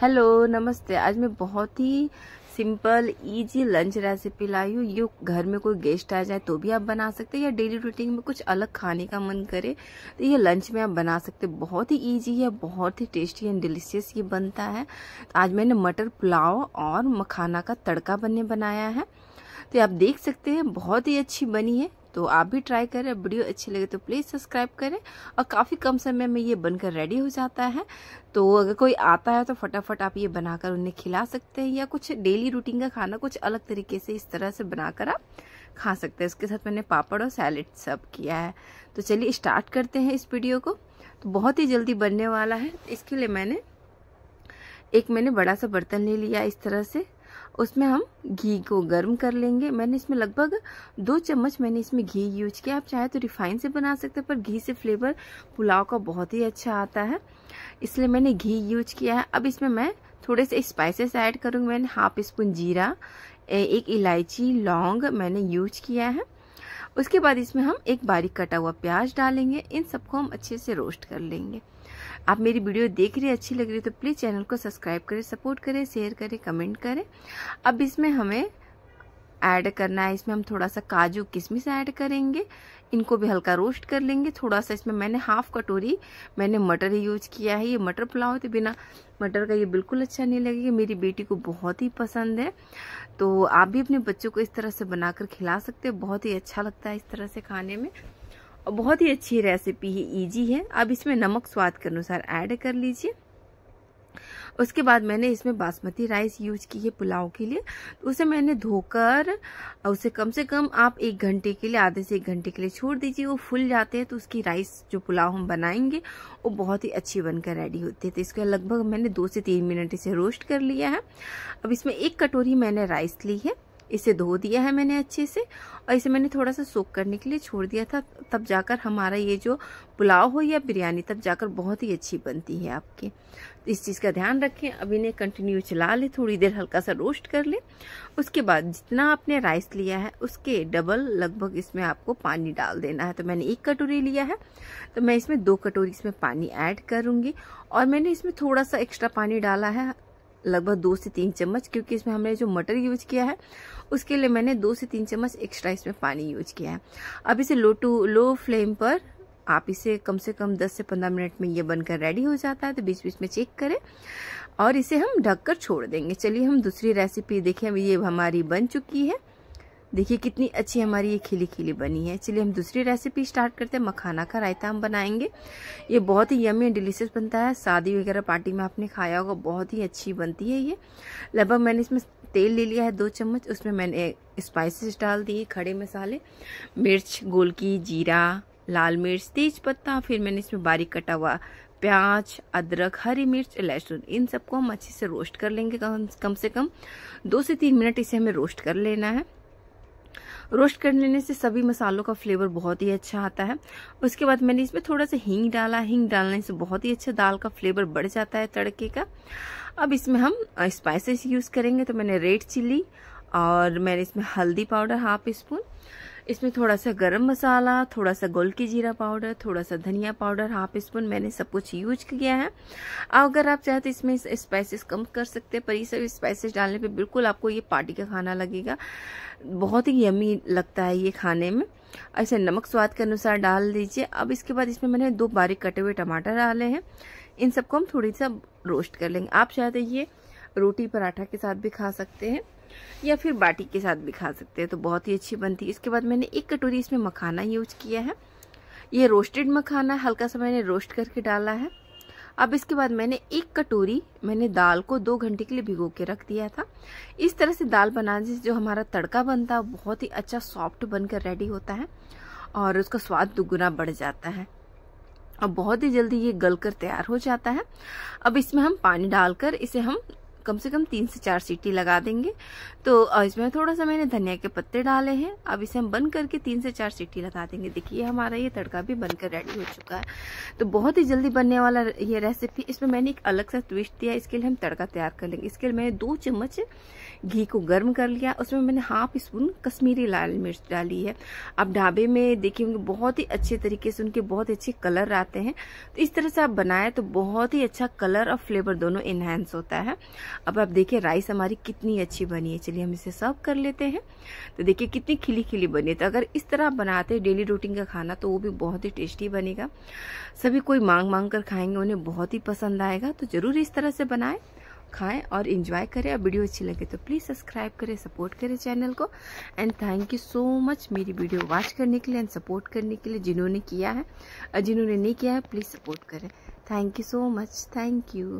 hello नमस्ते आज मैं बहुत ही सिंपल इजी लंच रेसिपी लाई हूँ ये घर में कोई गेस्ट आ जाए तो भी आप बना सकते हैं या डेली रूटीन में कुछ अलग खाने का मन करे तो ये लंच में आप बना सकते हैं बहुत ही इजी है बहुत ही टेस्टी एंड डिलीशियस ये बनता है तो आज मैंने मटर पुलाव और मखाना का तड़का बनने बनाया है तो आप देख सकते हैं बहुत ही अच्छी बनी है तो आप भी ट्राई करें वीडियो अच्छी लगे तो प्लीज़ सब्सक्राइब करें और काफ़ी कम समय में ये बनकर रेडी हो जाता है तो अगर कोई आता है तो फटाफट आप ये बनाकर उन्हें खिला सकते हैं या कुछ डेली रूटीन का खाना कुछ अलग तरीके से इस तरह से बनाकर आप खा सकते हैं इसके साथ मैंने पापड़ और सैलड सब किया है तो चलिए स्टार्ट करते हैं इस वीडियो को तो बहुत ही जल्दी बनने वाला है इसके लिए मैंने एक मैंने बड़ा सा बर्तन ले लिया इस तरह से उसमें हम घी को गर्म कर लेंगे मैंने इसमें लगभग दो चम्मच मैंने इसमें घी यूज किया आप चाहे तो रिफाइन से बना सकते हैं पर घी से फ्लेवर पुलाव का बहुत ही अच्छा आता है इसलिए मैंने घी यूज किया है अब इसमें मैं थोड़े से स्पाइसेस ऐड करूँगी मैंने हाफ स्पून जीरा एक इलायची लौंग मैंने यूज किया है उसके बाद इसमें हम एक बारीक कटा हुआ प्याज डालेंगे इन सबको हम अच्छे से रोस्ट कर लेंगे आप मेरी वीडियो देख रहे अच्छी लग रही है तो प्लीज़ चैनल को सब्सक्राइब करें सपोर्ट करें शेयर करें कमेंट करें अब इसमें हमें ऐड करना है इसमें हम थोड़ा सा काजू किशमिश ऐड करेंगे इनको भी हल्का रोस्ट कर लेंगे थोड़ा सा इसमें मैंने हाफ कटोरी मैंने मटर यूज किया है ये मटर पुलाव थे बिना मटर का ये बिल्कुल अच्छा नहीं लगेगा मेरी बेटी को बहुत ही पसंद है तो आप भी अपने बच्चों को इस तरह से बनाकर खिला सकते हैं बहुत ही अच्छा लगता है इस तरह से खाने में और बहुत ही अच्छी रेसिपी है ईजी है अब इसमें नमक स्वाद के अनुसार ऐड कर लीजिए उसके बाद मैंने इसमें बासमती राइस यूज की है पुलाव के लिए उसे मैंने धोकर उसे कम से कम आप एक घंटे के लिए आधे से एक घंटे के लिए छोड़ दीजिए वो फुल जाते हैं तो उसकी राइस जो पुलाव हम बनाएंगे वो बहुत ही अच्छी बनकर रेडी होती है तो इसके लगभग मैंने दो से तीन मिनट इसे रोस्ट कर लिया है अब इसमें एक कटोरी मैंने राइस ली है इसे धो दिया है मैंने अच्छे से और इसे मैंने थोड़ा सा सोख करने के लिए छोड़ दिया था तब जाकर हमारा ये जो पुलाव हो या बिरयानी तब जाकर बहुत ही अच्छी बनती है आपकी तो इस चीज़ का ध्यान रखें अब इन्हें कंटिन्यू चला लें थोड़ी देर हल्का सा रोस्ट कर ले उसके बाद जितना आपने राइस लिया है उसके डबल लगभग इसमें आपको पानी डाल देना है तो मैंने एक कटोरी लिया है तो मैं इसमें दो कटोरी इसमें पानी ऐड करूँगी और मैंने इसमें थोड़ा सा एक्स्ट्रा पानी डाला है लगभग दो से तीन चम्मच क्योंकि इसमें हमने जो मटर यूज किया है उसके लिए मैंने दो से तीन चम्मच एक्स्ट्रा इसमें पानी यूज किया है अब इसे लो टू लो फ्लेम पर आप इसे कम से कम 10 से 15 मिनट में ये बनकर रेडी हो जाता है तो बीच बीच में चेक करें और इसे हम ढककर छोड़ देंगे चलिए हम दूसरी रेसिपी देखें ये हमारी बन चुकी है देखिए कितनी अच्छी हमारी ये खिली खिली बनी है चलिए हम दूसरी रेसिपी स्टार्ट करते हैं मखाना का रायता हम बनाएंगे ये बहुत ही यमी एंड डिलीशियस बनता है शादी वगैरह पार्टी में आपने खाया होगा बहुत ही अच्छी बनती है ये लगभग मैंने इसमें तेल ले लिया है दो चम्मच उसमें मैंने स्पाइसेस डाल दिए खड़े मसाले मिर्च गोलकी जीरा लाल मिर्च तेज पत्ता फिर मैंने इसमें बारीक कटा हुआ प्याज अदरक हरी मिर्च लहसुन इन सबको हम अच्छे से रोस्ट कर लेंगे कम से कम दो से तीन मिनट इसे हमें रोस्ट कर लेना है रोस्ट कर लेने से सभी मसालों का फ्लेवर बहुत ही अच्छा आता है उसके बाद मैंने इसमें थोड़ा सा हींग डाला हींग डालने से बहुत ही अच्छा दाल का फ्लेवर बढ़ जाता है तड़के का अब इसमें हम स्पाइसेस यूज़ करेंगे तो मैंने रेड चिल्ली और मैंने इसमें हल्दी पाउडर हाफ स्पून इसमें थोड़ा सा गरम मसाला थोड़ा सा गोल की जीरा पाउडर थोड़ा सा धनिया पाउडर हाफ स्पून मैंने सब कुछ यूज किया है अगर आप चाहे तो इसमें स्पाइसेस कम कर सकते हैं पर ये सब स्पाइसेस डालने पे बिल्कुल आपको ये पार्टी का खाना लगेगा बहुत ही यमी लगता है ये खाने में ऐसे नमक स्वाद के अनुसार डाल दीजिए अब इसके बाद इसमें मैंने दो बारीक कटे हुए टमाटर डाले हैं इन सबको हम थोड़ी सा रोस्ट कर लेंगे आप चाहे तो ये रोटी पराठा के साथ भी खा सकते हैं या फिर बाटी के साथ भी खा सकते हैं तो बहुत ही अच्छी बनती है इसके बाद मैंने एक कटोरी इसमें मखाना यूज किया है ये रोस्टेड मखाना हल्का सा मैंने रोस्ट करके डाला है अब इसके बाद मैंने एक कटोरी मैंने दाल को दो घंटे के लिए भिगो के रख दिया था इस तरह से दाल बनाने से जो हमारा तड़का बनता है बहुत ही अच्छा सॉफ्ट बनकर रेडी होता है और उसका स्वाद दुगुना बढ़ जाता है अब बहुत ही जल्दी ये गल कर तैयार हो जाता है अब इसमें हम पानी डालकर इसे हम कम से कम तीन से चार सीटी लगा देंगे तो इसमें थोड़ा सा मैंने धनिया के पत्ते डाले हैं अब इसे हम बंद करके तीन से चार सीटी लगा देंगे देखिए हमारा ये तड़का भी बनकर रेडी हो चुका है तो बहुत ही जल्दी बनने वाला ये रेसिपी इसमें मैंने एक अलग सा ट्विस्ट दिया इसके लिए हम तड़का तैयार कर लेंगे इसके लिए मैंने दो चम्मच घी को गर्म कर लिया उसमें मैंने हाफ स्पून कश्मीरी लाल मिर्च डाली है आप ढाबे में देखिए बहुत ही अच्छे तरीके से उनके बहुत अच्छे कलर आते हैं तो इस तरह से आप बनाए तो बहुत ही अच्छा कलर और फ्लेवर दोनों इन्हेंस होता है अब आप देखिए राइस हमारी कितनी अच्छी बनी है चलिए हम इसे सर्व कर लेते हैं तो देखिए कितनी खिली खिली बनी है तो अगर इस तरह आप बनाते हैं डेली रूटीन का खाना तो वो भी बहुत ही टेस्टी बनेगा सभी कोई मांग मांग कर खाएंगे उन्हें बहुत ही पसंद आएगा तो ज़रूर इस तरह से बनाएं खाएं और इन्जॉय करें और वीडियो अच्छी लगे तो प्लीज़ सब्सक्राइब करें सपोर्ट करें चैनल को and thank you so much मेरी वीडियो वॉच करने के लिए एंड सपोर्ट करने के लिए जिन्होंने किया है और जिन्होंने नहीं किया है प्लीज़ सपोर्ट करें thank you so much thank you